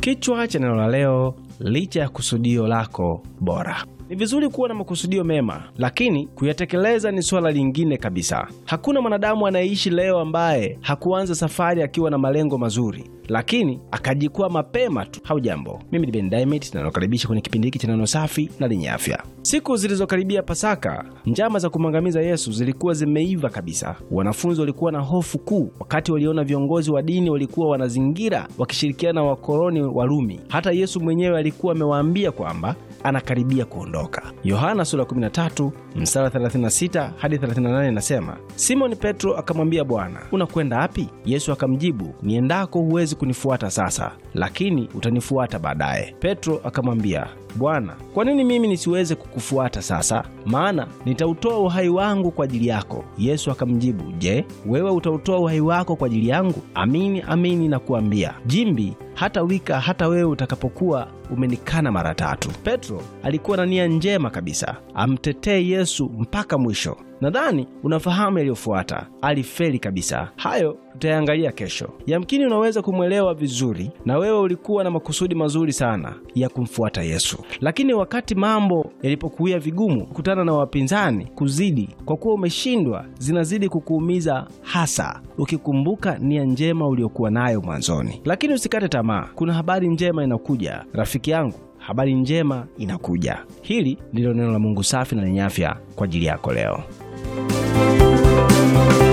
Kichwa cha neno la leo, licha ya kusudio lako bora. Ni vizuri kuwa na makusudio mema, lakini kuyatekeleza ni suala lingine kabisa. Hakuna mwanadamu anayeishi leo ambaye hakuanza safari akiwa na malengo mazuri, lakini akajikwa mapema tu. jambo, mimi ni Ben Diamond na nakaribisha kwenye kipindi hiki cha neno safi na lenye afya. Siku zilizokaribia Pasaka, njama za kumwangamiza Yesu zilikuwa zimeiva kabisa. Wanafunzi walikuwa na hofu kuu wakati waliona viongozi wa dini walikuwa wanazingira wakishirikiana na wakoloni Warumi. Hata Yesu mwenyewe alikuwa amewaambia kwamba anakaribia kuondoka kuondoka. Yohana sura 13 mstari 36 hadi 38 inasema, Simoni Petro akamwambia Bwana, unakwenda api Yesu akamjibu, niendako huwezi kunifuata sasa, lakini utanifuata baadaye. Petro akamwambia, Bwana, kwa nini mimi nisiweze kukufuata sasa? Maana nitautoa uhai wangu kwa ajili yako. Yesu akamjibu, je, wewe utautoa uhai wako kwa ajili yangu? Amini amini nakuambia, jimbi hata wika hata wewe utakapokuwa umenikana mara tatu. Petro alikuwa na nia njema kabisa, amtetee Yesu mpaka mwisho. Nadhani unafahamu yaliyofuata, alifeli kabisa. Hayo tutayaangalia kesho. Yamkini unaweza kumwelewa vizuri, na wewe ulikuwa na makusudi mazuri sana ya kumfuata Yesu, lakini wakati mambo yalipokuia vigumu, kukutana na wapinzani kuzidi, kwa kuwa umeshindwa, zinazidi kukuumiza, hasa ukikumbuka nia njema uliokuwa nayo mwanzoni. Lakini usikate tamaa, kuna habari njema inakuja, rafiki yangu. Habari njema inakuja. Hili ndilo neno la Mungu safi na lenye afya kwa ajili yako leo. you.